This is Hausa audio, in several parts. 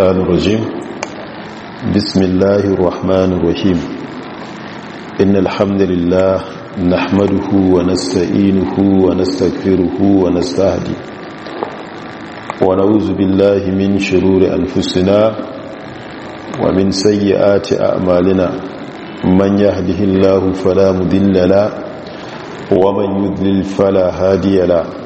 الشيطان الرجيم بسم الله الرحمن الرحيم إن الحمد لله نحمده ونستعينه ونستغفره ونستهدي ونعوذ بالله من شرور أنفسنا ومن سيئات أعمالنا من يهده الله فلا مذل له ومن يذلل فلا هادي له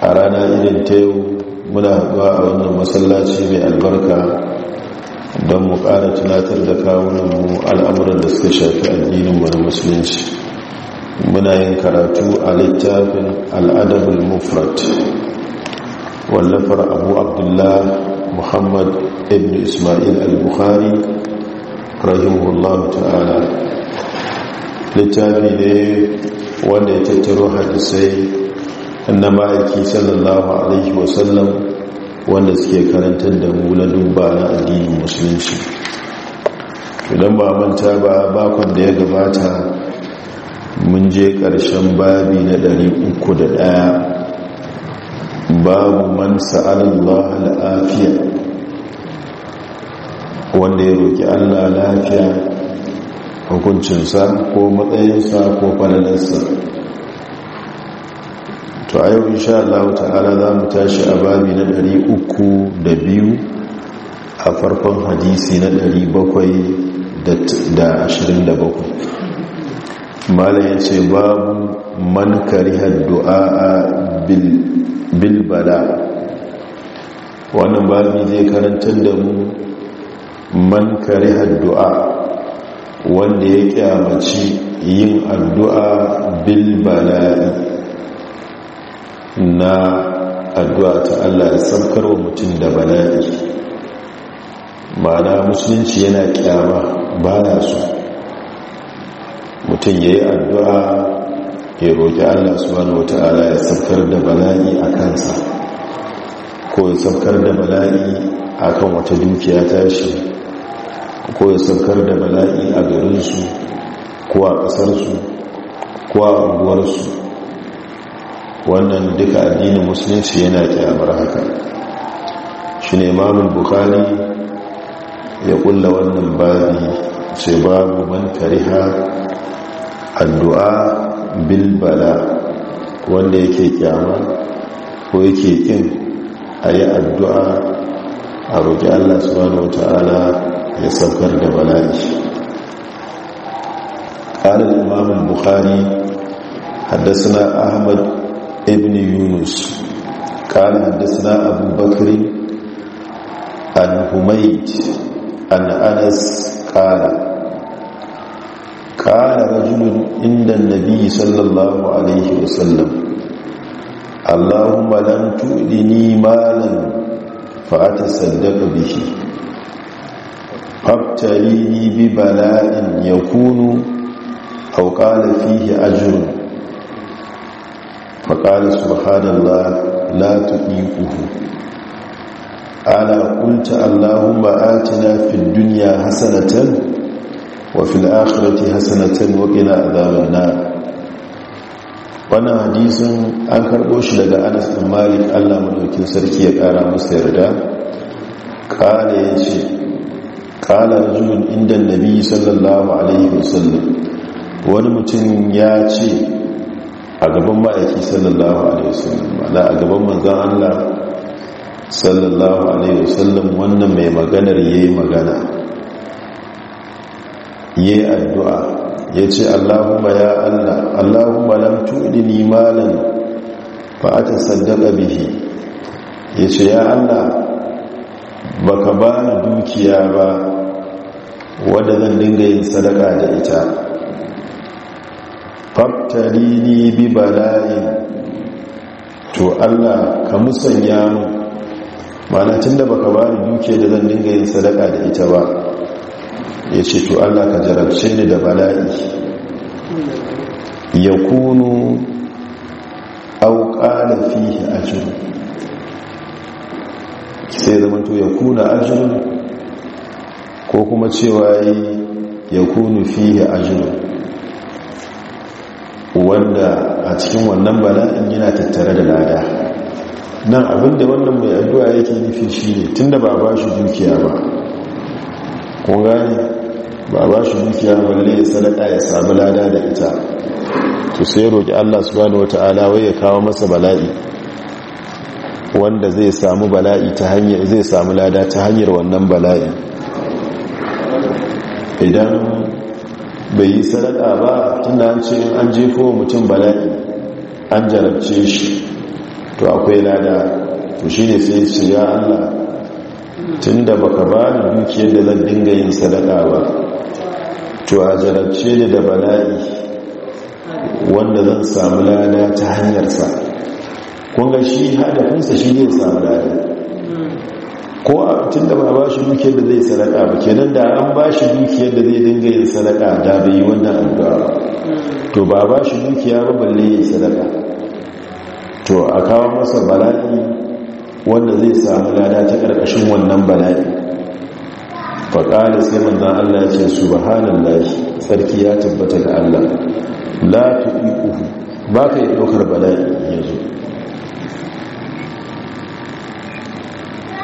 a rana irin ta yau muna haɗuwa a wannan masallaci mai albarka don mu ƙara tunatar da kawunanmu al'amuran da suka shafi addininmu na musulunci muna yin karatu a littafin al'adabul mufrat wallafar abu abdullah muhammad ibn ismail al-bukhari rahimahullahu ta'ala littafi ne wanda ya tattaro hadisai na ma'aiki sallallahu alaihi wasallam wanda suke karantar da mu duba na addinin musulunci idan ba manta ba bakon da ya gabata mun je ƙarshen babi na 301 babu man sa'alallah al'afiya wanda ya roƙi allah lafiya hukuncinsa ko matsayinsa ko falalarsa to a yau insha Allah ta'ala za mu tashi a babi na 302 a farkon hadisi na 727 malam ya ce babu man karihar du'a bilbala wannan babi zai karantar da mu man karihar du'a wanda ya kyamaci yin addu'a bilbala'i na addu'a ta Allah ya saukar wa mutum da bala'i ma'ana musulunci yana kyama na su mutum ya yi addu'a ya roƙi Allah subhanahu wata'ala ya saukar da bala'i a kansa ko ya saukar da bala'i a kan wata dukiya ta shi, ko ya saukar da bala'i a garinsu ko a ƙasarsu ko a unguwarsu wannan duka addinin musulunci yana kyamar haka shi ne imamun bukali ya kulla wannan babi sai babu man kariha addu'a bilbala wanda yake kyama ko yake kin a yi addu'a a roƙi allah subhanahu wata'ala ya saukar da bala'i Ƙarin imamun buhari haddasa na ahmad ابن يونس قال حدثنا أبو بكر عن هميد عن أنس قال قال رجل عند النبي صلى الله عليه وسلم اللهم لم تؤذني مالا فأتصدق به فابتليني ببلاء يكون أو قال فيه أجر faƙari subhanallah la tuɗiƙuhu ala Allahu allahumma atina fid duniya hasanatan wa fil akhirati hasanatan wa qina adhaban wannan hadisin an karɓo shi daga Anas bin Malik Allah maɗaukin sarki ya ƙara masa yarda ya ce, kala rajulun inda annabi sallallahu alaihi wasallam wani mutum ya ce a gaban ma'aiki sallallahu alaihi wasallam ala a gaban manzan Allah sallallahu alaihi wasallam wannan mai maganar yayi magana yayi addu'a yace Allahumma ya Allah Allahumma lam tu'dini malan fa atasaddaqa bihi yace ya Allah baka bani dukiya ba wanda zan dinga yin sadaka da ita fabtarini bi bala'in to Allah ka musanya mu mana tunda baka bani duke da zan dinga yin sadaka da ita ba yace to Allah ka jarabce ni da bala'i yakunu aw qala fihi ajr sai zama to ya kuna ajr ko kuma cewa ya kunu fihi ajr wanda a cikin wannan bala'in yana tattare da lada nan abinda wannan mai addu'a yake nufi shine tunda ba ba shi dukiya ba ko gani ba ba shi dukiya balle ya sadaka ya samu lada da ita to sai roki Allah subhanahu wataala wai ya kawo masa bala'i wanda zai samu bala'i ta hanyar zai samu lada ta hanyar wannan bala'i idan bai yi sadaka ba tunda an ce an jefo mutum bala'i an jarabce shi to akwai lada to shi ne sai su ya allah tunda baka ba ni dukiyar da zan dinga yin sadaka ba to a jarabce ni da bala'i wanda zan samu lada ta hanyarsa kunga shi hadafinsa shi ne samu lada ko a tun da ba ba shi dukiyar da zai sadaka ba kenan da an ba shi dukiyar da zai dinga yin sadaka da bai yi wannan addu'a ba mm. to ba ba shi dukiya ba balle yin sadaka to a kawo masa bala'i wanda zai samu lada ta karkashin wannan bala'i faƙali sai manzan allah ce subhanallah sarki ya tabbata ga allah la tu'iquhu ba ka yi ɗaukar bala'i yanzu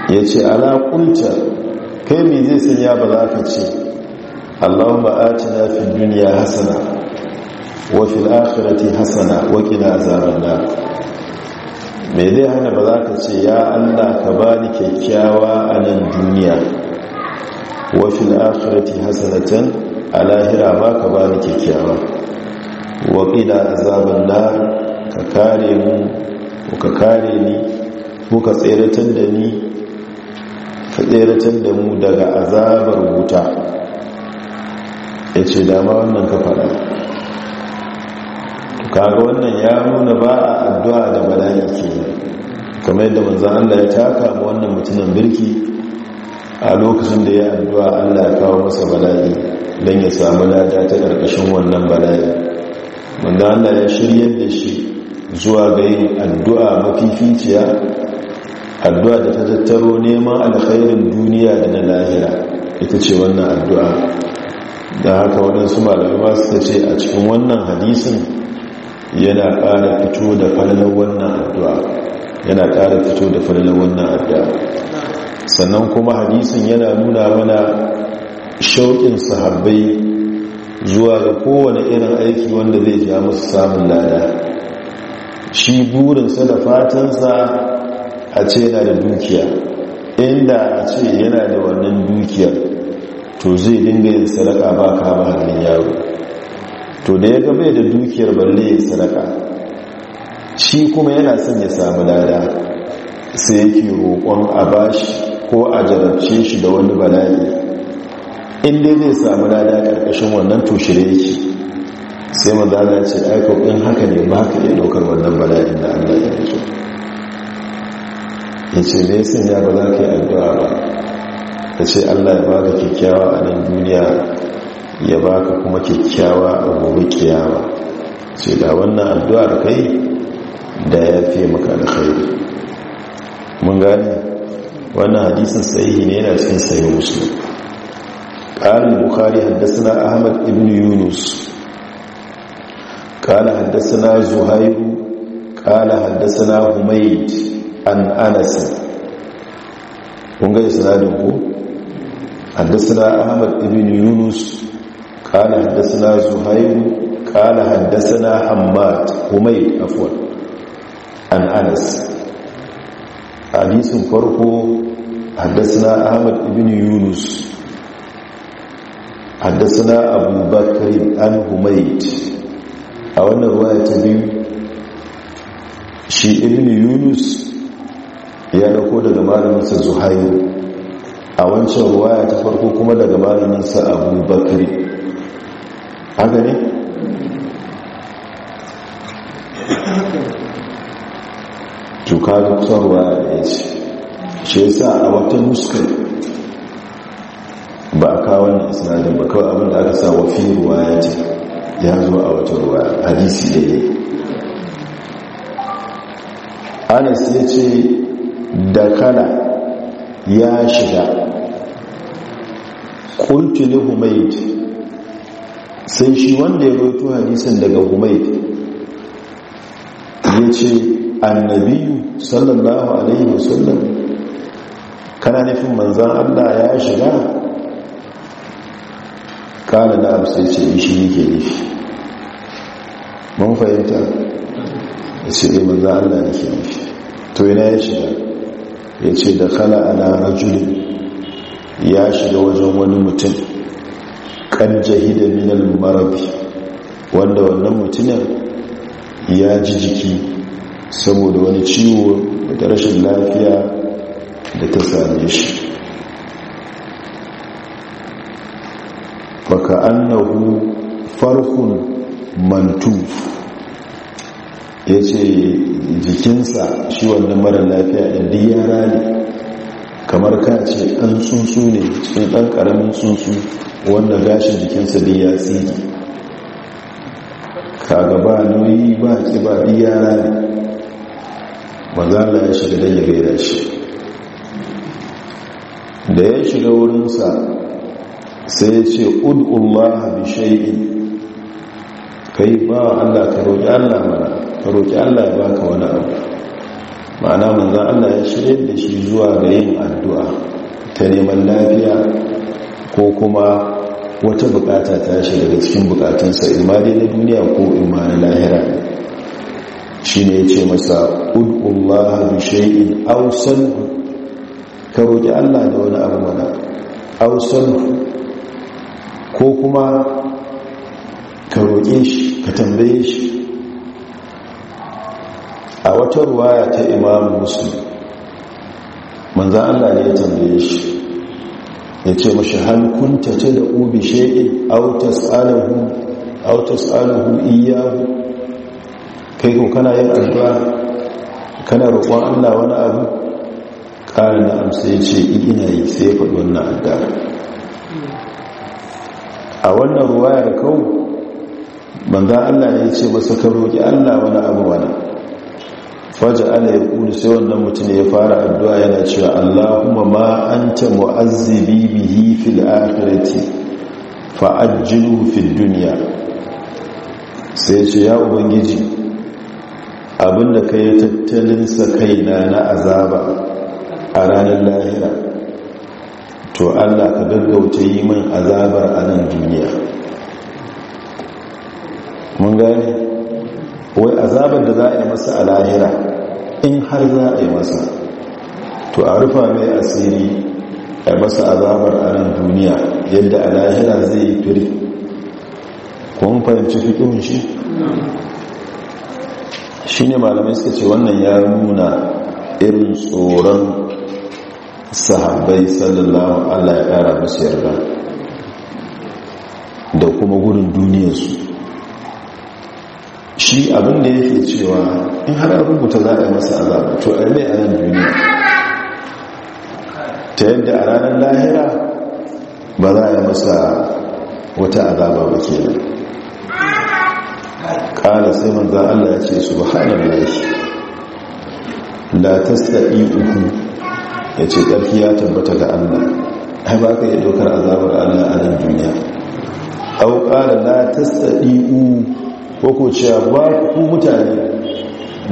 ya ce ala kulta kai mai zai sanya ba za ka ce allahun ba'aci na fi duniya hasana wa fil akhirati hasana wa kina azaban da mai zai hana ba za ka ce ya allah ka ba ni kyakkyawa a nan duniya wa fil hasana can, a lahira ba ka ba ni kyakkyawa wa kina azaban da ka kare mu ka kare ni ko tsere tseratar da ni ka tseratar da mu daga azabar wuta ya ce dama wannan ka faɗa kaga wannan ya nuna ba a addu'a da bala'i ke kamar yadda manzan allah ya taka ma wannan mutumin birki a lokacin da ya addu'a allah ya kawo masa bala'i don ya samu lada ta ƙarƙashin wannan bala'i manzan allah ya shirya da shi zuwa ga yin addu'a mafificiya addu'a da ta tattaro neman alkhairin duniya da na lahira ita ce wannan addu'a da haka waɗansu malamai suka ce a cikin wannan hadisin yana ƙara fito da falalar wannan addu'a yana ƙara fito da falalar wannan addu'a sannan kuma hadisin yana nuna mana shauƙin sahabbai zuwa ga kowane irin aiki wanda zai ja musu samun lada shi burinsa da fatansa a ce yana da dukiya inda a ce yana da wannan dukiyar to zai dinga yin sadaka ba kama hannun yaro to da ya gabe da dukiyar balle yin sadaka shi kuma yana son ya samu dada, sai yake roƙon a bashi ko a jarabce shi da wani bala'i inda zai samu dada ƙarƙashin wannan tushere yake sai mazala ce aiko in haka ne ba ka iya ɗaukar wannan bala'in da allah ya ce ne sun ya ba za ka yi addu'a ba ta ce allah ya ba ka kyakkyawa a nan duniya ya ba ka kuma kyakkyawa a gobe kiyawa ce da wannan addu'a da kai da ya fi maka da kai. mun gani wannan hadisin sahihi ne yana cikin sahih haddasa na Ahmad Ibn Yunus. ƙarin haddasa na zuhairu ƙarin haddasa na حميد an anasi kun ga isnadin ku haddasa ahmad ibn yunus kala haddasa zuhair kala haddasa Hamad, humayd afwan an anas hadisin farko haddasa ahmad ibn yunus haddasa abubakar bakr an humayd a wannan ruwaya ta biyu shi ibn yunus ya dauko daga malaminsa zuhairu a wancan ruwaya ta farko kuma daga malaminsa abu bakari haka ne tuka da kusan ruwaya ya ce shi yasa a wata nuskar ba a kawo wannan isnadin ba kawai da aka sa wafi ruwaya ce ya zo a wata ruwaya hadisi da ya anas ya ce dakala ya shiga ƙultuli humaid sai shi wanda ya roto hadisin daga humaid ya ce annabiyu sallallahu alaihi wasallam kana nufin manzan allah ya shiga kala da abu ce shi yake nufi mun fahimta da ce eh, manzan allah ke nufi to yana ya shiga ya ce da kala ala rajulin ya shiga wajen wani mutum kan jahida minal marabi wanda wannan mutumin ya ji jiki saboda wani ciwo da rashin lafiya da ta same shi baka annahu farkun mantuf ya ce jikinsa shi wannan mara lafiya da diya rari kamar ka ce ɗan tsuntsu ne cikin ɗan ƙaramin tsuntsu wanda gashin jikinsa da ya tsiri kaga ba nauyi ba ki ba za rari mazala ya shiga don ya gaira shi da ya shiga wurinsa sai ya ce ud'ullah bi ka kai ba Allah ka roƙi Allah mana ka roƙi allah ya baka wani abu ma'ana manzan allah ya shirya da shi zuwa ga yin addu'a ta neman lafiya ko kuma wata bukata ta shi daga cikin bukatunsa imani na duniya ko imani lahira shi ne ya ce masa ƙudƙullah da ausan ka roƙi allah da wani abu mana ausan ko kuma ka roƙe shi ka tambaye shi a wata ruwaya ta imamu musulmi manzan allah ne ya tambaye shi ya ce mashi ta ce da ubi she'i autas alahu iyahu kai ko kana yin addu'a kana roƙon allah wani abu ƙarin na amsa ya ce ina yi sai faɗi wannan addu'a a wannan ruwayar kawo banza allah ya ce masa ka roƙi allah wani abu wani faja ala ya kudu sai wannan mutum ya fara addu'a yana cewa allahumma ma an mu'azzibi bihi fil akhirati fa'ajjilu fil dunya sai ce ya ubangiji abinda ka yi tattalin sa kaina na azaba a ranar lahira to allah ka gaggauta yi min azabar a nan duniya mun gane wai azabar da za a yi masa a lahira in har za a yi masa to a rufa mai asiri a masa azabar a nan duniya yadda a lahira zai yi firi kun fahimci fikin shi shi ne malamai suka ce wannan ya nuna irin tsoron sahabbai sallallahu allah ya kara masu yarda da kuma gudun duniyarsu shi abin da yake cewa in har an rubuta za a yi masa azaba to a a nan duniya ta yadda a ranar lahira ba za a yi masa wata azaba ba ke nan ƙala sai manzan allah ya ce su ba hannun laifi la ta sa'i uku ya ce ƙarfi ya tabbata ga allah ai ba ka yi dokar azabar allah a nan duniya au da la ta uku ko ko cewa ba ku mutane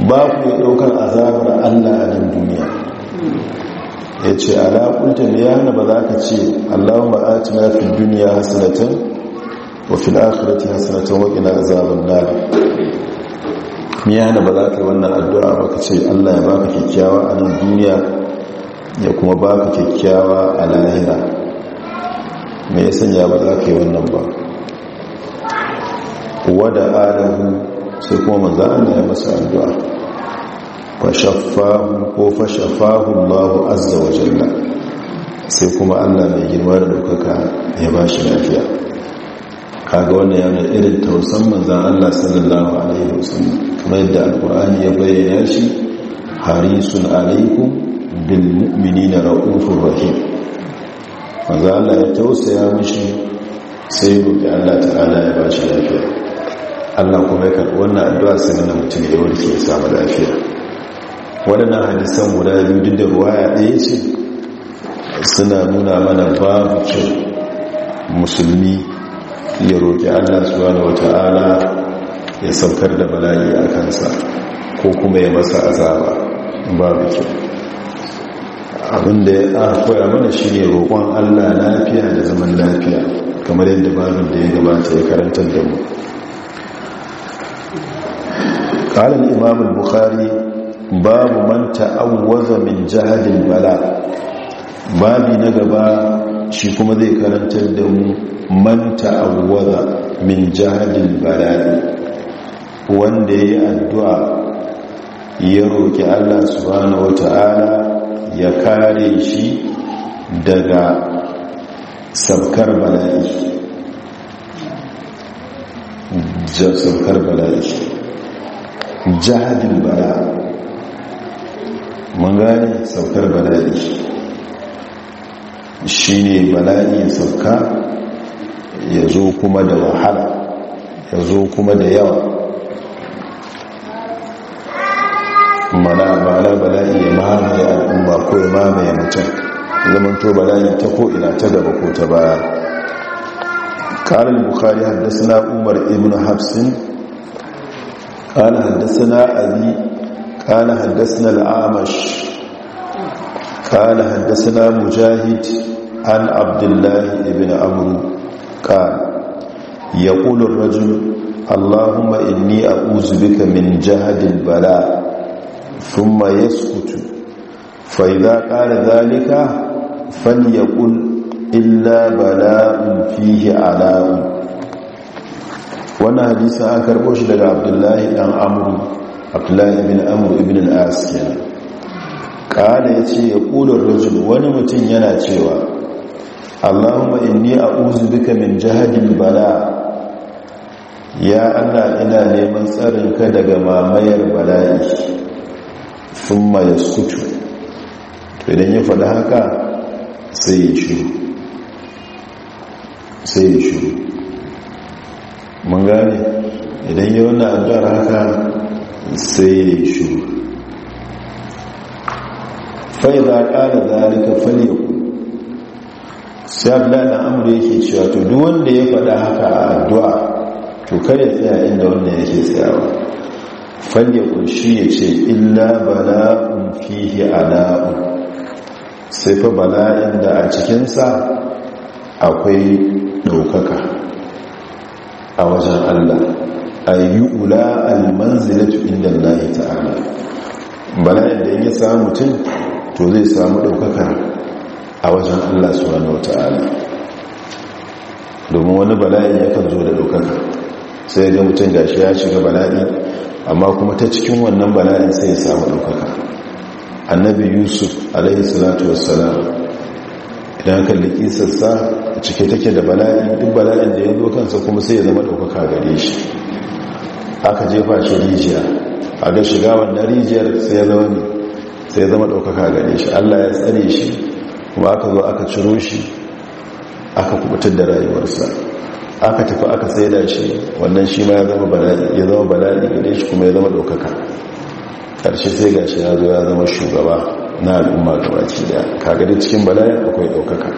ba ku yi ɗaukar azabar allah a nan duniya ya ce alaƙunta da yana ba za ka ce allahun ci na fi duniya hasanatan wa fi hasanatan waƙina azabar nari yana ba za ka wannan addu'a ba ka ce allah ya baka kyakkyawa a nan duniya ya kuma baka kyakkyawa a lahira mai ya sanya ba za ka yi wannan ba wada Alahu sai kuma manzan Allah ya masa addu'a fashaffahu ko fashaffahu Allahu azza wajen da sai kuma Allah mai girma da ɗaukaka ya ba shi lafiya kaga wannan yana irin tausan manzan Allah sallallahu alaihi wasallam kuma yadda alkur'ani ya bayyana shi harisun bin mu'mini na ra'ufin rahim manzan Allah ya tausaya mishi sai roƙi Allah ta'ala ya ba shi lafiya allah kuma ya karɓi wannan addu'a sai nan mutum ya warke ya samu lafiya wadannan hadisan guda biyu duk da ruwaya ɗaya ce suna nuna mana babu kyau musulmi ya roƙi allah subhanahu wata'ala ya saukar da bala'i a kansa ko kuma ya masa azaba babu kyau da ya koya mana shi ne roƙon allah lafiya da zaman lafiya kamar yadda babin da ya gabata ya karanta da mu قال الإمام البخاري babu من تأوذ من جهد البلاء babi na gaba shi kuma zai karantar da mu man ta'awwaza min jahadil bala'i wanda yayi addu'a ya roki Allah subhanahu wata'ala ya kare shi daga sabkar bala'i sabkar bala'i jihadin bala mun saukar bala'i shi ne bala'i ya sauka ya zo kuma da wahala ya zo kuma da yawa mana bala bala'i ya mamaye al'umma ko ya mamaye mutum to bala'i ta ko'ina ta gaba ko ta baya bukari haddasa na umar Ibn hafsin قال حدثنا أبي قال حدثنا العامش قال حدثنا مجاهد عن عبد الله بن عمرو قال يقول الرجل اللهم إني أعوذ بك من جهد البلاء ثم يسكت فإذا قال ذلك فليقل إلا بلاء فيه علاء wannan hadisa an karbo shi daga abdullahi ɗan amuru abdullahi ibn amuru ibn al'as kenan ƙada ya ce ya ƙular rajul wani mutum yana cewa allahumma inni a uzu duka min jihadin bala ya allah ina neman tsarin ka daga mamayar bala'i sun ya to idan ya faɗi haka sai ya shiru sai ya shiru mun gane idan yi wannan addu'ar haka sai ya yi shi fai za a ƙara zalika fali sai abdullahi amur yake cewa to duk wanda ya faɗa haka a addu'a to ya tsaya inda wannan yake tsayawa fali kunshi ya ce illa bala'un fihi ala'un sai fa bala'in da a cikinsa akwai ɗaukaka a wajen Allah ayyula almanzilatu inda Allah ta'ala bala'in da ya samu mutum to zai samu daukaka a wajen Allah subhanahu ta'ala domin wani ya yakan zo da daukaka sai ga mutum gashi ya shiga bala'i amma kuma ta cikin wannan bala'in sai ya samu daukaka annabi yusuf alaihi salatu wassalam don haka a cike take da bala'in duk bala'in da ya zo kansa kuma sai ya zama ɗaukaka gare shi aka jefa shi rijiya a ga shiga wannan rijiyar sai ya zama ne sai ya zama ɗaukaka gare shi allah ya tsare shi kuma aka zo aka ciro shi aka kubutar da rayuwarsa aka tafi aka saida shi wannan shi ma ya zama bala'i ya zama bala'i gare shi kuma ya zama ɗaukaka ƙarshe sai gashi ya zo ya zama shugaba na al'umma gabaki daya kaga da cikin bala'i akwai ɗaukaka.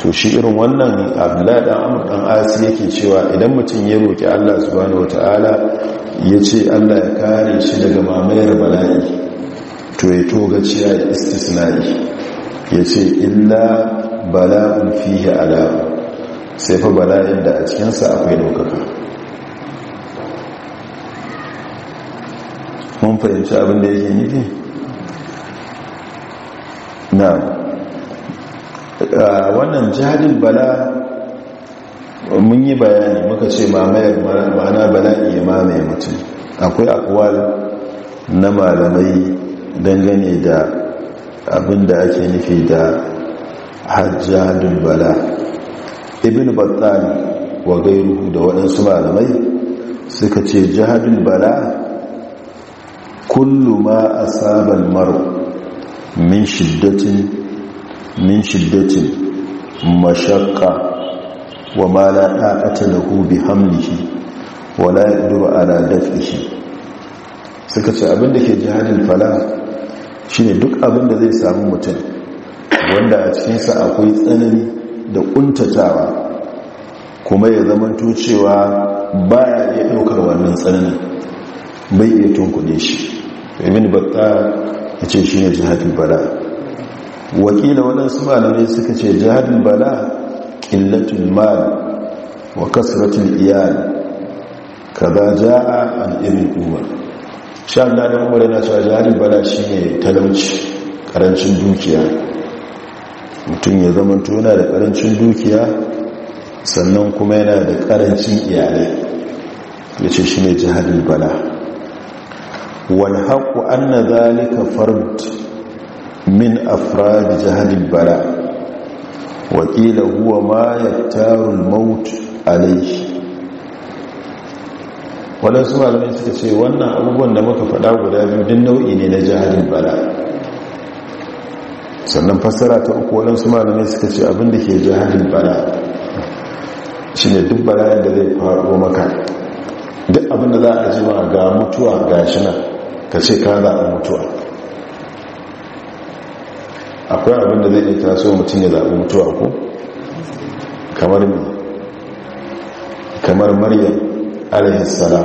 to shi irin wannan abdullahi dan amr dan asi yake cewa idan mutum ya roƙi Allah subhanahu ya ce Allah ya kare shi daga mamayar bala'i to ya toga ciya da istisnai ce illa bala'un fiye ala'u sai fa bala'in da a cikinsa akwai ɗaukaka. mun fahimci abin da yake nufi na uh, wannan jihadin bala mun yi bayani muka ce mamayar mana bala'i ya mamaye mutum akwai akwal na malamai dangane da abinda ake nufi da hajjadun bala ibn battal wa gairuhu da waɗansu malamai suka ce jihadun bala kullu ma sabon maro min shiddatin min shiddatin mashaqqa wa ma la da'ata lahu bi hamlihi wa la yaqdiru ala daf'ihi suka ce abinda ke jihadin fala shine duk abinda zai samu mutum wanda a cikinsa akwai tsanani da kuntatawa kuma ya zama cewa baya ya daukar wannan tsananin bai iya tunkuɗe shi ibn battah a ce shi ne jihadin bala wakila waɗansu malamai suka ce jihadin bala ƙillatun mal wa kasratul iyali kaza ja'a an irin umar sha na da umar yana cewa jihadin bala shi ne talauci ƙarancin dukiya mutum ya zama tona da ƙarancin dukiya sannan kuma yana da ƙarancin iyalai ya ce shi ne jihadin bala والحق أن ذلك فرد من أفراد جهل البلاء وقيل هو ما يكتار الموت عليه waɗansu malamai suka ce wannan abubuwan da muka faɗa guda biyu din nau'i ne na jahadin bala sannan fassara ta uku waɗansu malamai suka ce abinda ke jahadin bala shi ne duk bala yadda zai faɗo maka duk abinda za a ji ma ga mutuwa ga shi na. ka ce ka zaɓi mutuwa akwai abinda zai iya taso mutum ya zaɓi mutuwa ko kamar mai kamar maryam alaihissala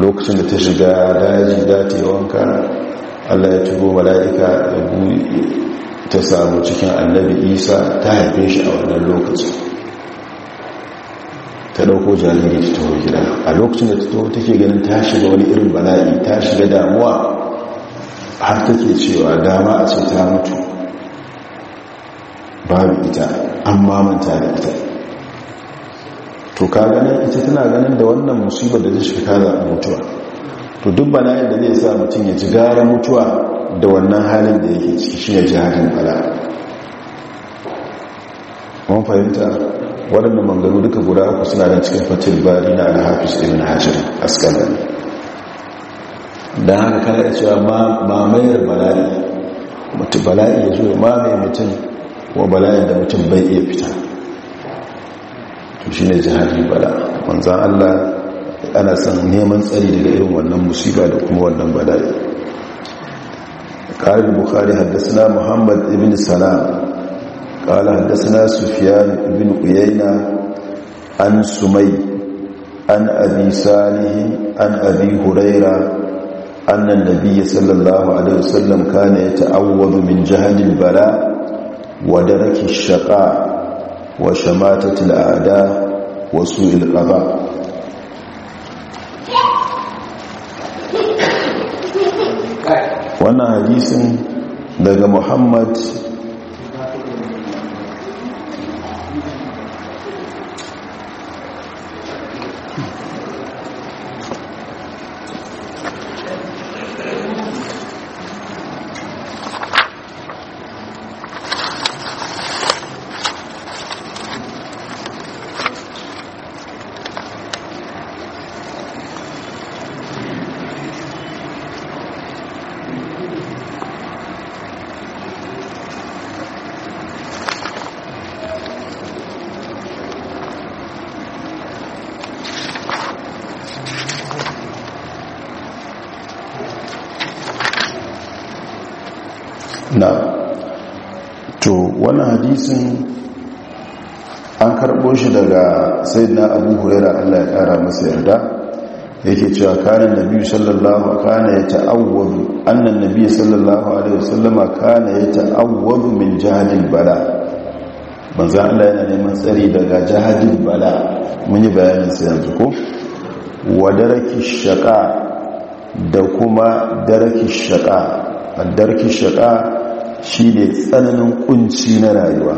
lokacin da ta shiga daji dati wanka allah ya tubo mala'ika ta samu cikin annabi isa ta haife shi a wannan lokacin ta dauko jariri ta taho gida a lokacin da ta taho take ganin ta shiga wani irin bala'i ta shiga damuwa har take cewa dama a ce ta mutu babu ita an mamanta da ita to ka ganin ita tana ganin da wannan musibar da zai shiga za a mutuwa to duk bala'i da zai sa mutum ya ji gara mutuwa da wannan halin da yake ciki shi ya ji halin bala mun fahimta waɗannan manganu duka guda uku suna da cikin fatil bari na alhafis hajji a skandal don haka kana ya cewa mamayar bala'i mutu bala'i ya zo ma mamaye mutum wa bala'i da mutum bai iya fita to shi ne jihari bala manzan allah ana san neman tsari daga irin wannan musiba da kuma wannan bala'i ƙarin bukari haddasa na muhammad ibn salam قال حدثنا سفيان بن قيينة عن سمي عن أبي صالح عن أبي هريرة أن النبي صلى الله عليه وسلم كان يتعوذ من جهد البلاء ودرك الشقاء وشماتة الأعداء وسوء القضاء wannan hadisin daga muhammad cewa kanin nabi sallallahu kana ya ta'awwadu annan nabi sallallahu alaihi wasallama kana ya ta'awwadu min jahadil bala manzo Allah yana neman tsari daga jahadil bala mun yi bayanin sai yanzu ko wadaraki shaqa da kuma daraki shaqa addarki shaqa shine tsananin kunci na rayuwa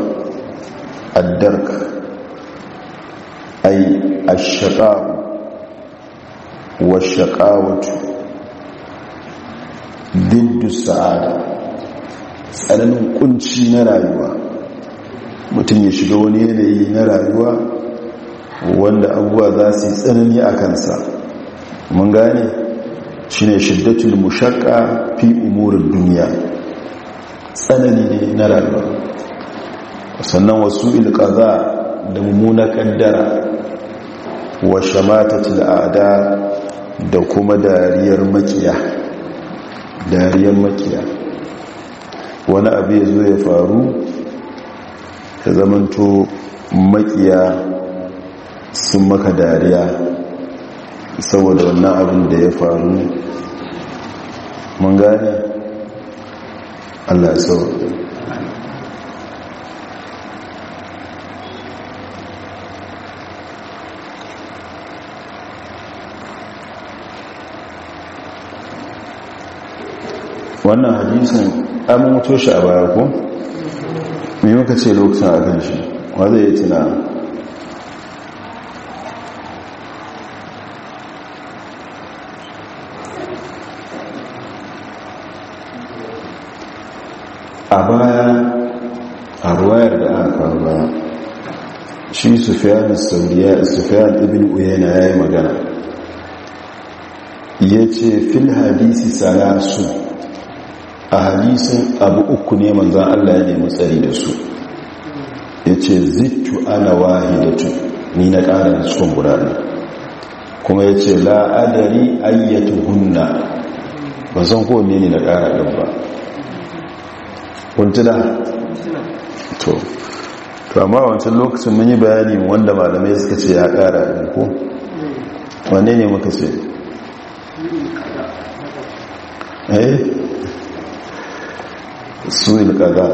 addarka ai ash-shaqa washaƙawatu dindu sa'ada tsananin kunci na rayuwa mutum ya shiga wani yanayi na rayuwa wanda abubuwa za su yi tsanani a kansa mun gane shi ne shiddatul mushakka fi umurin duniya tsanani ne na rayuwa sannan wasu ilkaza da mummunar kaddara wa shamatatul a'da da kuma dariyar makiya dariyar makiya wani abu ya zo ya faru ya zamanto makiya sun maka dariya saboda wannan abin da ya faru mun gane allah saboda wannan hadisin an mutu shi a baya ko mai muka ce lokacin a kan shi wadda ya tuna a baya a ruwayar da aka kawo baya shi da Ibin ibn uyena ya yi magana ya ce fil hadisi salasu a hadisun abu uku ne manzan Allah ya nemi tsari da su ya ce zittu ana tu ni na ƙara da cikin guda ne kuma ya ce la'adari ayyatu hunna ba san ko ne na ƙara ɗin ba kuntuna to to amma wancan lokacin mun yi bayani wanda malamai suka ce ya ƙara ɗin ko wane ne muka ce eh suwil kaga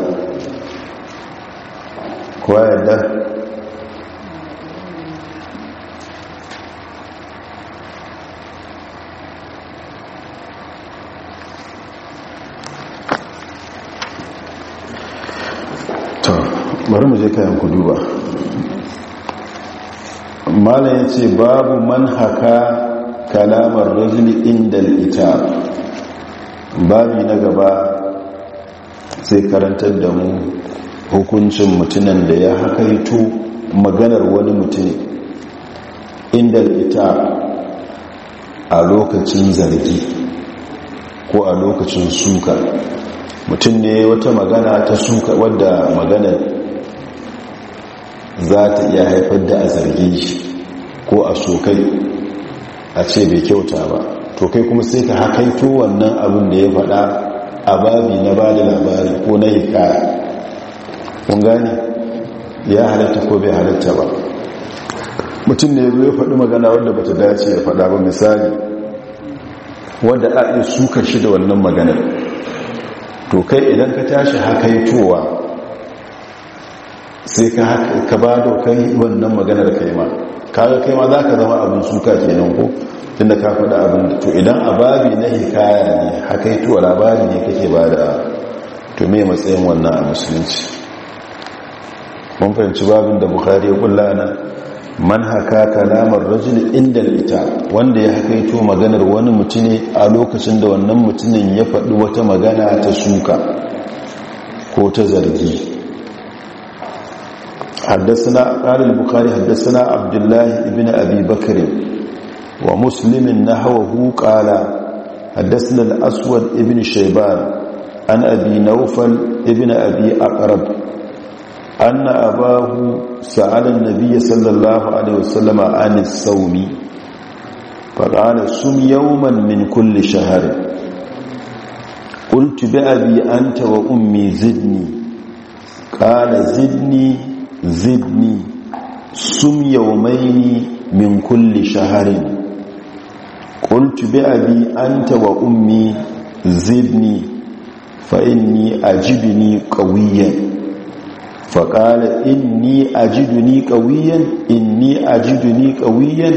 kuwa yadda bari mu je kayan ku duba malam ya ce babu man haka kalamar rajuli inda ita babi na gaba sai karantar da mu hukuncin mutunan da ya haƙaito maganar wani mutum inda ita a lokacin zargi ko a lokacin suka mutum ne wata magana ta suka wadda maganar za ta iya haifar da a zargi shi ko a sokai a ce bai kyauta ba to kai kuma sai ka haƙaito wannan abin da ya faɗa Ababi na ba da labari ko na hikaya kun gani ya halatta ko bai halatta ba mutum ne zo ya faɗi magana wadda bata dace ya faɗa ba misali wadda a yi suka shi da wannan maganar to kai idan ka tashi haka yi towa sai ka ba da kai wannan maganar kai ma kaga kai ma za ka zama abin suka kenan ko tunda ka faɗa abin da to idan ababi na hikaya ne yi a labari ne kake ba da to me matsayin wannan a musulunci mun fahimci babin da bukari ya kulla na man haka kalamar rajin inda ita wanda ya tuwa maganar wani mutune a lokacin da wannan mutumin ya faɗi wata magana ta suka ko ta zargi حدثنا قال البخاري حدثنا عبد الله بن أبي بكر ومسلم نحوه قال حدثنا الأسود ابن شيبان عن أبي نوفل ابن أبي أقرب أن أباه سأل النبي صلى الله عليه وسلم عن الصوم فقال سم يوما من كل شهر قلت بأبي أنت وأمي زدني قال زدني زدني سم يومين من كل شهر ƙultu bi an wa ummi zidni fa'inni a jibini ƙawiyyan faƙala inni a jiduni ƙawiyyan inni a jiduni ƙawiyyan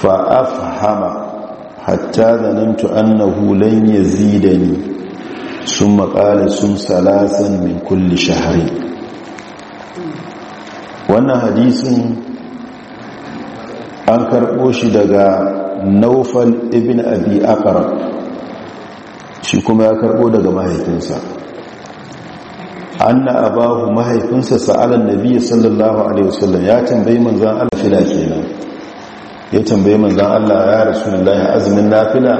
fa'afhama hatta zanantu annahu lan yazidani sun maƙala sun salasan min kulli shahari wannan hadisin an karɓo shi daga naufal ibn abi akara shi kuma ya karbo daga mahaifinsa anna abahu mahaifinsa sa'alan nabiyyi sallallahu alaihi wasallam ya tambayi manzon Allah fila kenan ya tambayi manzon Allah ya rasulullahi azumin nafila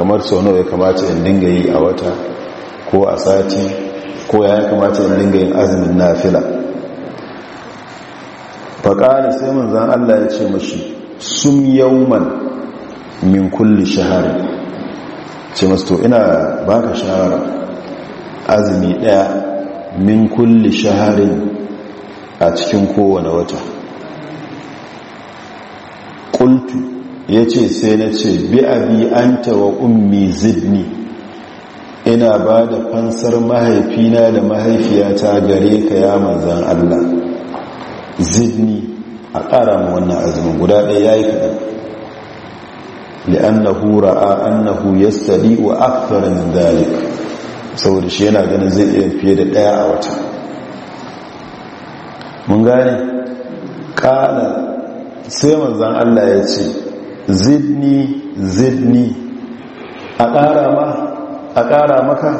kamar sau nawa ya kamata in dinga yi a wata ko a sati ko ya kamata in dinga yin azumin nafila faqala sai manzon Allah ya ce mashi sum yawman min kulli shahari ce masu to ina baka shahara azumi daya min kulli shaharin a cikin kowane wata kultu ya ce sai na ce bi abi an tawa ummi zidni ina ba da fansar mahaifina da mahaifiyata gare ka ya manzan allah zidni a ƙara ma wannan azumin guda ɗaya ya yi kaɗan li'annahu ra'a annahu yastadi wa akthar min saboda shi yana ganin zai iya fiye da ɗaya a wata mun gane kana sai manzan Allah ya ce zidni zidni a ƙara ma a ƙara maka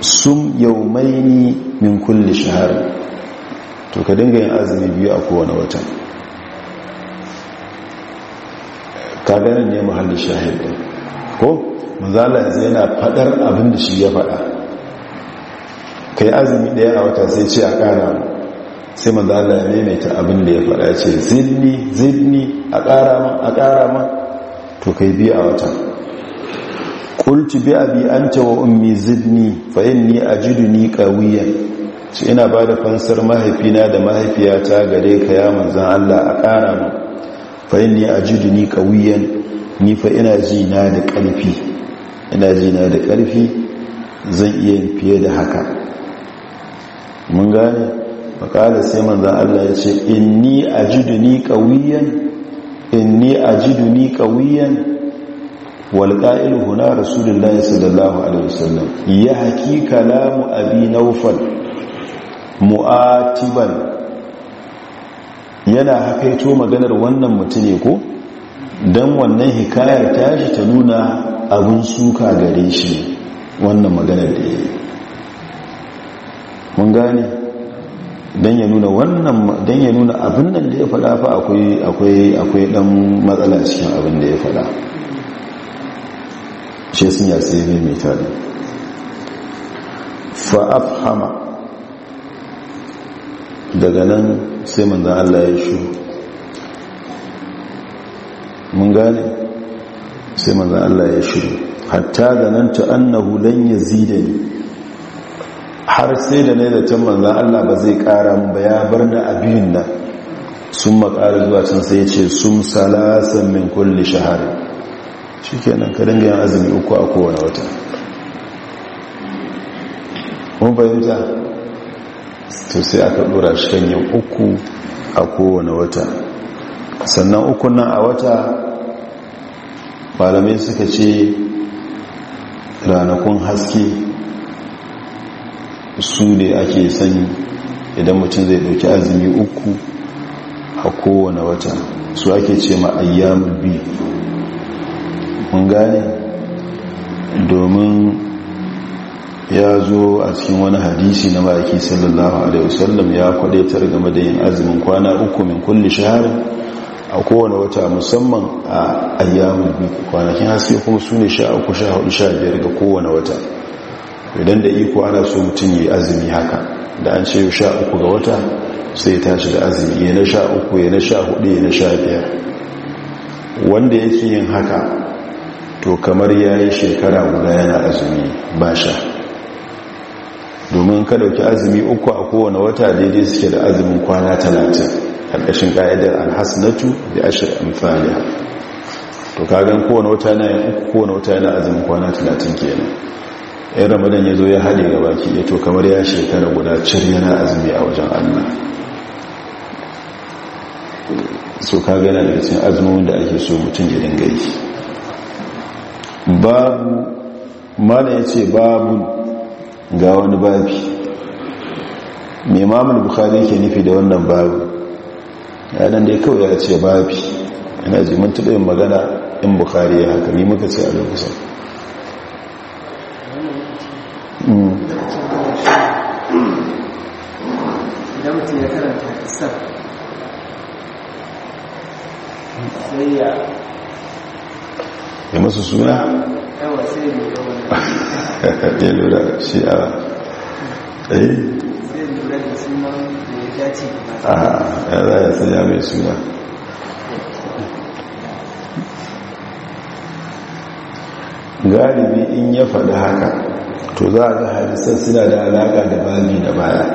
sum yawmaini min kulle shahr to ka dinga yin azumi biyu a kowane wata Ka gani ne mahallin shahid ko manzala yanzu yana fadar abin da shi ya fada yi azumi daya a wata sai ce a kara sai manzala ya maimaita abin da ya fada ya ce zidni zidni a kara ma a kara ma to kai biya a wata kulci bi an cewa ummi zidni a inni ajiduni qawiyan ce ina ba da fansar mahaifina da mahaifiyata gare ka ya manzan Allah a ƙara ma. fa inni ajiduni qawiyan ni fa ina ji da ƙarfi ina ji da ƙarfi zan iya fiye da haka mun gane makala sai manzan Allah ya ce inni ajiduni qawiyan inni ajiduni qawiyan والقائل هنا رسول الله sallallahu alaihi wasallam Ya haƙi kalamu أبي نوفل mu'atiban yana hakaito maganar wannan mutune ko don wannan hikayar tashi ta nuna abin suka gare shi wannan maganar da ya yi mun gane don ya nuna wannan don ya nuna abin nan da ya faɗa fa akwai akwai akwai dan matsala cikin abin da ya faɗa. shi sun yasi ne mai tare fa afhama daga nan sai manzan Allah ya shiru, mun gane sai manzan Allah ya shi hatta da nan ta annahu lan yazida ni har sai da nayi da can manzan Allah ba zai kara mun ba ya bar da abin nan sun makara zuwa can sai ya ce sum salasan min kulli shahar kenan ka dinga yin azumi uku a kowane wata mun fahimta to sai aka dora shi kan yin uku a kowane wata sannan ukun nan a wata malamai suka ce ranakun haske su ne ake sani idan mutum zai dauki azumi uku a kowane wata su ake ce ma ayyamun biyu mun gane domin ya zo a cikin wani hadisi na baki sallallahu alaihi wasallam ya kwadaitar game da yin azumin kwana uku min kulli shahr a kowane wata musamman a ayyamin kwanakin haske kuma su ne sha uku sha hudu sha biyar ga kowane wata idan da iko ana so mutum yi azumi haka da an ce sha uku ga wata sai tashi da azumi ya na sha uku ya na sha hudu ya na sha biyar wanda yake yin haka to kamar ya yi shekara guda yana azumi ba sha domin ka dauki azumi uku a kowane wata daidai suke da azumin kwana talatin ƙarƙashin ƙa'idar alhasnatu da ashir amfani to kagan kowane wata yana yin uku kowane wata yana azumin kwana talatin kenan yan ramadan ya zo ya haɗe ga baki ya to kamar ya shekara guda cir yana azumi a wajen allah so kaga yana daga cikin azumin da ake so mutum ya dinga yi babu mana ya ce babu ga wani babi mai mamun bukari ke nufi da wannan babu yanar da ya kawai ya ce babi yana ji mun taɓa yin magana in bukari ya haka ni muka ce a lokacin hmm. ya masu suna ya ah, mai suna galibi in ya faɗi haka to za a ga hadisan suna da alaƙa da babi da baya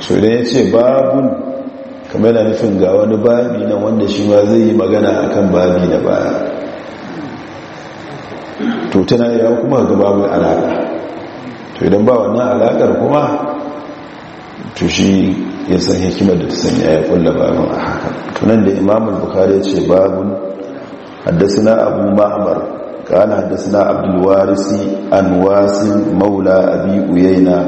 so ne ya ce babun kamar yana nufin ga wani babi na wanda shi ma zai yi magana akan babi da baya to tana ya kuma ga babu alaka to idan ba wannan alakar kuma to shi ya san hikimar da ta sanya ya kulla babun a haka nan da imam bukhari ya ce babun haddasa abu ma'amar kana haddasa na abdulwarisi an wasin maula abi uyaina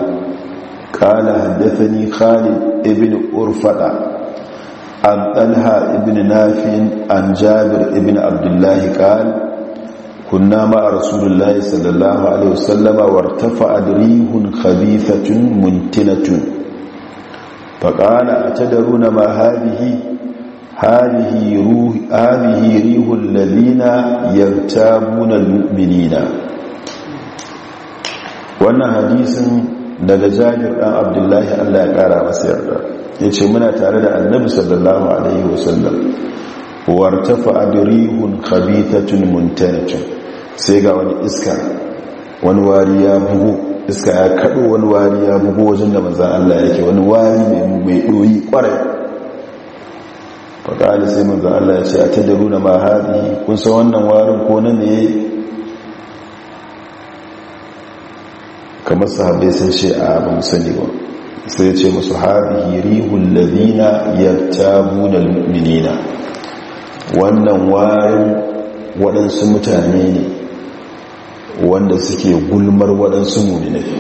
kana haddasa khalid ibn urfada an ɗanha ibn nafi an jabir ibn abdullahi kana kunna ma a rasulullahi sallallahu alaihi wasallama wartafa adrihun khabithatun muntinatun فقال أتدرون ما هذه هذه روح هذه ريح الذين يغتابون المؤمنين wannan hadisin daga Jabir dan Abdullahi Allah ya kara masa yarda yace muna tare da Annabi sallallahu alaihi wasallam wartafa adirihun khabithatun muntaratun sai ga wani iska wani wari ya bugu iska ya kaɗo wani wari ya bugu wajen da manzan Allah yake wani wari mai ɗoyi ƙwarai faƙali sai manzan Allah ya ce a tattaru na mahaɗi kun san wannan warin ko nan ne kamar sahabai sun ce a abin sani ba sai ce masu haɗi rihun lalina ya tabu wannan warin waɗansu mutane ne wanda suke gulmar waɗansu muminai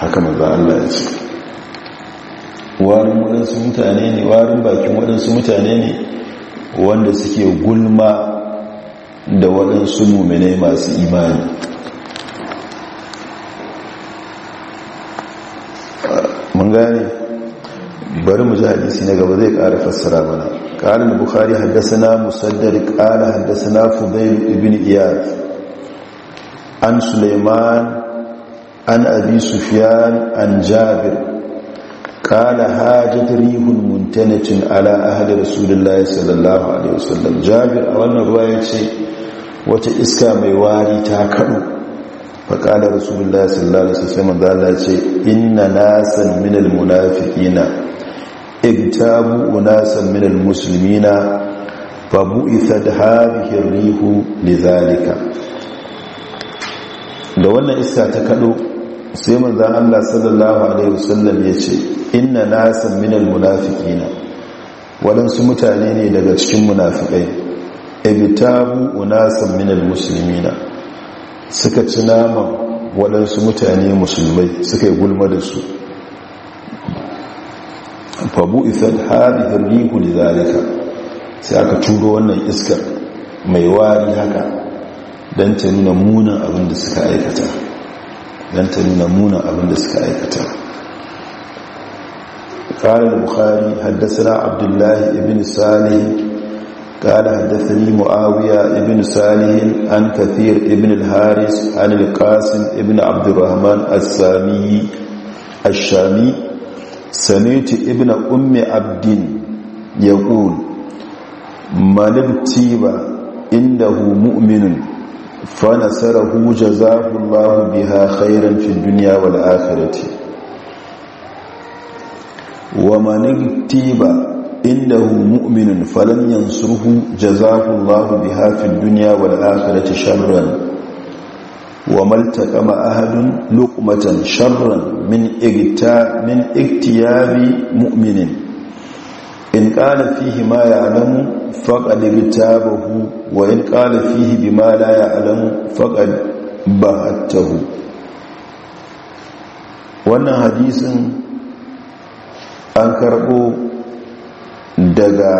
haka maza Allah ya ce warin waɗansu mutane ne warin bakin waɗansu mutane ne wanda suke gulma da waɗansu muminai masu imani mun gane bari mu ji hadisi na gaba zai ƙara fassara mana ƙalin bukhari haddasa musaddar ƙala haddasa na fudail ibn iyad an suleiman an abi sufiyan an jabir ƙala hajjat rihun muntanacin ala ahadar rasulullahi sallallahu alaihi wasallam jabir a wannan ruwa ya ce wata iska mai wari ta kaɗu faƙalar rasulullah sallallahu alaihi wasallam da Allah ce inna nasan minal munafiqina igtabu unasan minal muslimina fabu'ithat hadhihi ar-rihu lidhalika da wannan iska ta kado sai manzon Allah sallallahu alaihi wasallam yace inna nasan minal munafiqina wadansu mutane ne daga cikin munafikai ibtabu unasan minal muslimina suka ci naman waɗansu mutane musulmai suka yi gulma da su fabu isar hadihin rihu da zalika sai aka turo wannan iskar mai wari haka don ta nuna munan abin da suka aikata don ta nuna munan abin da suka aikata قال البخاري حدثنا عبد الله بن صالح قال حدثني معاوية ابن صالح عن كثير ابن الحارس عن القاسم ابن عبد الرحمن السامي الشامي samitu ibn ummi abdin ya ƙul manibtiba inda hu mu'minin fanasarahu jazahullahu biha khairan fi duniya wal akhirati wa manibtiba inda hu mu'minin falan yansurhu jazahullahu biha fi duniya wal akhirati sharran wa maltaka ma'ahadun lukumatan sharran min iktiyabi mu'minin in ƙala fihi ma ya alamu faƙaɗi bitabahu wa in ƙala fihi bi ma ya alamu faƙaɗi ba'attahu wannan hadisin an karɓo daga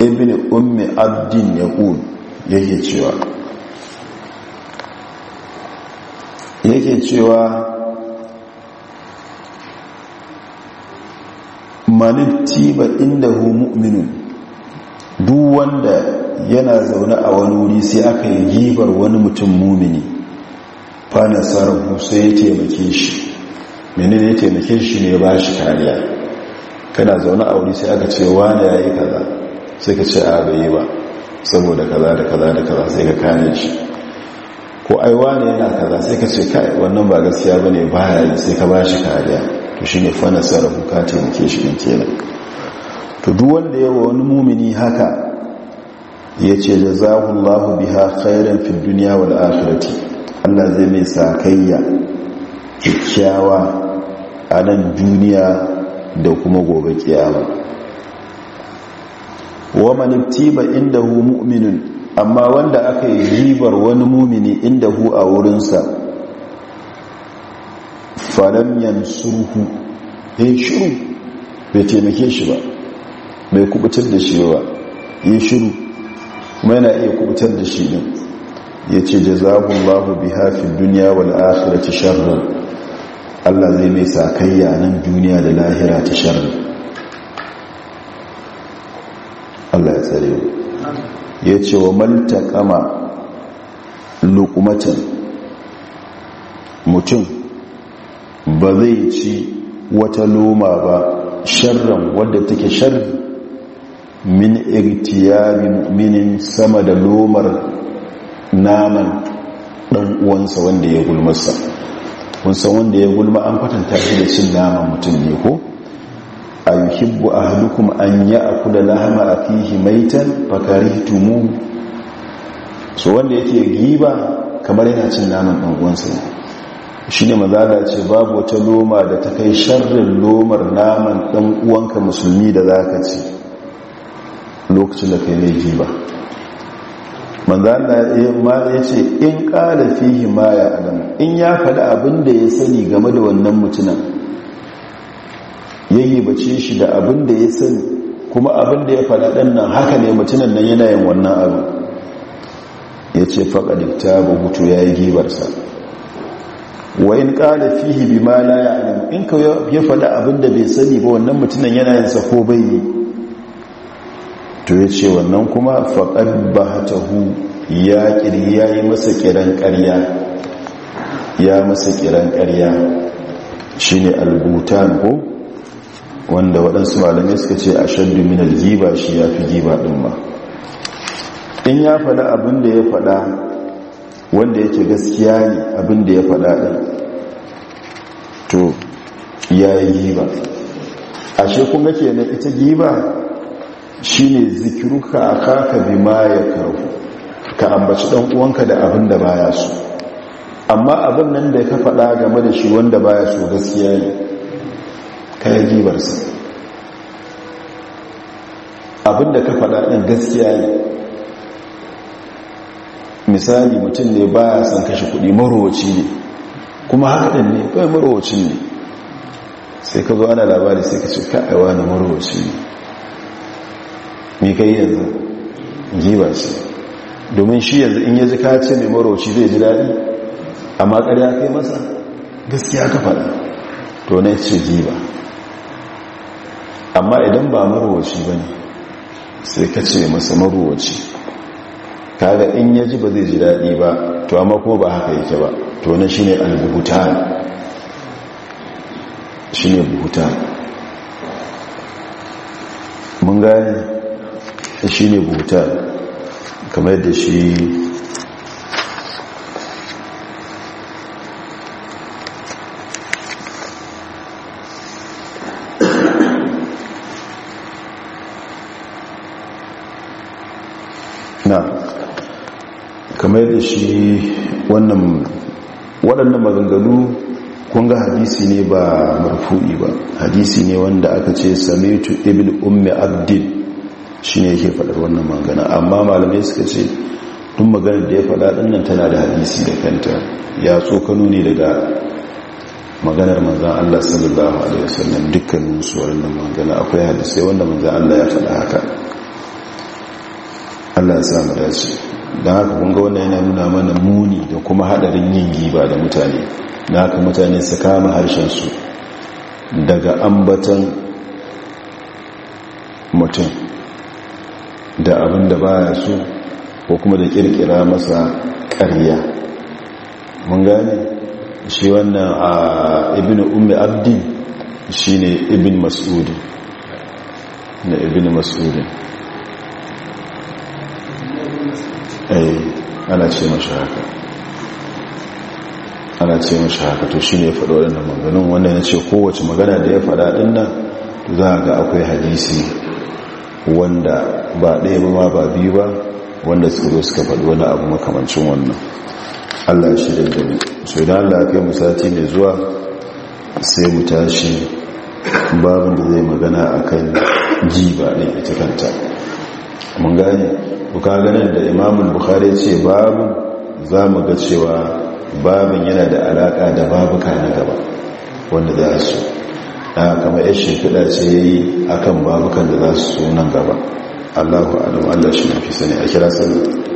ibn ummi abdin yaqul yake cewa yake cewa manittiba inda hu mu'minu duk wanda yana zaune a wani wuri sai aka yi gibar wani mutum mumini fana sarrafu sai ya taimake shi menene ya taimake shi ne ba shi kariya kana zaune a wuri sai aka ce wani ya yi kaza sai ka ce a bai yi ba saboda kaza da kaza da kaza sai ka kane shi ko aiwa ne yana kaza sai ka ce kai wannan ba gaskiya bane ba ya sai ka bashi kariya to shi ne fana sarrafa ka taimake shi in kenan to duk wanda yawa wani mumini haka ya ce jazahullahu biha khairan fid dunya wal akhirati Allah zai mai sakayya kyakkyawa a nan duniya da kuma gobe kiyama wa man tiba indahu mu'minun amma wanda aka yi ribar wani mumini inda hu a wurinsa falam yansurhu ya shiru bai taimake shi ba bai kubutar da shi ba ya shiru kuma yana iya kubutar da shi ne ya ce jazahullahu bi hafin duniya wal ta sharran Allah zai mai sa sakayya nan duniya da lahira ta sharri Allah ya tsare ya ce wa kama lukumatan mutum ba zai ci wata loma ba sharran wadda take sharri min irtiyarin mu'minin sama da lomar naman ɗan uwansa wanda ya gulmasa kun san wanda ya gulma an kwatanta shi da cin naman mutum ne ko a yuhibbu ahadukum an ya'kula lahama akihi maitan fakarihtumu so wanda yake giba kamar yana cin naman dan ne. shi ne mazada ce babu wata loma da ta kai sharrin lomar naman ɗan uwanka musulmi da za ka ci lokacin da kai giba ba manzala ya ce in ƙara fihi maya a in ya faɗi abin da ya sani game da wannan mutunan yayi bace shi da abin da ya sani kuma abin da ya faɗa ɗan nan haka ne mutunan nan yana yin wannan abu ya ce faɗaɗi ta hutu ya yi gibarsa wa in ƙada fihi bi ma la ya'lam in ka ya faɗa abin da bai sani ba wannan mutunan yana yin sa ko bai yi to ya ce wannan kuma faƙad bahatahu ya ƙiri ya yi masa ƙiran ƙarya ya masa kiran ƙarya shi ne albutan ko wanda waɗansu malamai suka ce a shaddu minal giba shi ya fi giba ɗin ba in ya faɗa abin da ya faɗa wanda yake gaskiya ne abin da ya faɗa ɗin to ya yi giba ashe kuma ke na ita giba shi ne zikiruka a kaka bi ma ya karu ka ambaci ɗan uwanka da abin da baya so amma abin nan da ka faɗa game da shi wanda baya so gaskiya ne Ka yi gibarsa abinda ka faɗa ɗin gaskiya ne misali mutum ne ba ya son kashe kuɗi marowaci ne kuma haɗin ne ne ya marowaci ne sai ka zo ana labari sai ka ce ka'aiwa na marowaci ne mai kai yanzu giba domin shi yanzu in yanzu ka ce mai marowaci zai ji daɗi amma ƙarya kai masa gaskiya ka faɗa to na ce giba amma idan ba marowaci ba ne sai ka ce masa marowaci kaga in yaji ba zai ji daɗi ba to amma ko ba haka yake ba to na shi ne albubutan shi mun gane shi ne buhutan kamar da shi da shi wannan waɗannan maganganu kunga hadisi ne ba marfu'i ba hadisi ne wanda aka ce samitu ibn ummi abdin shi ne yake faɗar wannan magana amma malamai suka ce tun maganar da ya faɗa ɗannan tana da hadisi da kanta ya tsokano ne daga maganar manzan Allah sallallahu Alaihi wasallam dukkanin su wannan magana akwai hadisai wanda manzan Allah ya faɗa haka Allah ya samu dace don haka kunga wannan yana nuna mana muni da kuma hadarin yin giba da mutane na haka mutane su kama su daga ambatan mutum da abin da baya so ko kuma da kirkira masa ƙarya mun gane shi wannan a ibn ummi abdi shine ibn mas'udi na ibn mas'udi Ai eh, ana ce mashi haka ana ce mashi haka to shi ne faɗo waɗannan maganin wanda ya ce kowace magana da ya faɗa ɗin nan za ga akwai hadisi wanda ba ɗaya ba ba biyu ba wanda suka zo suka faɗi wani abu makamancin wannan allah shi da gani so idan allah kai mu sati mai zuwa sai mu tashi babin da zai magana a kan ji ba ɗin ita kanta mun gane ka ganin da imamul bukhari ce babu za mu ga cewa babin yana da alaka da babuka na gaba wanda za su na kamar ya shimfiɗa ce yayi akan babukan da za su nan gaba allahu alam allah shi mafi sani a kira sallah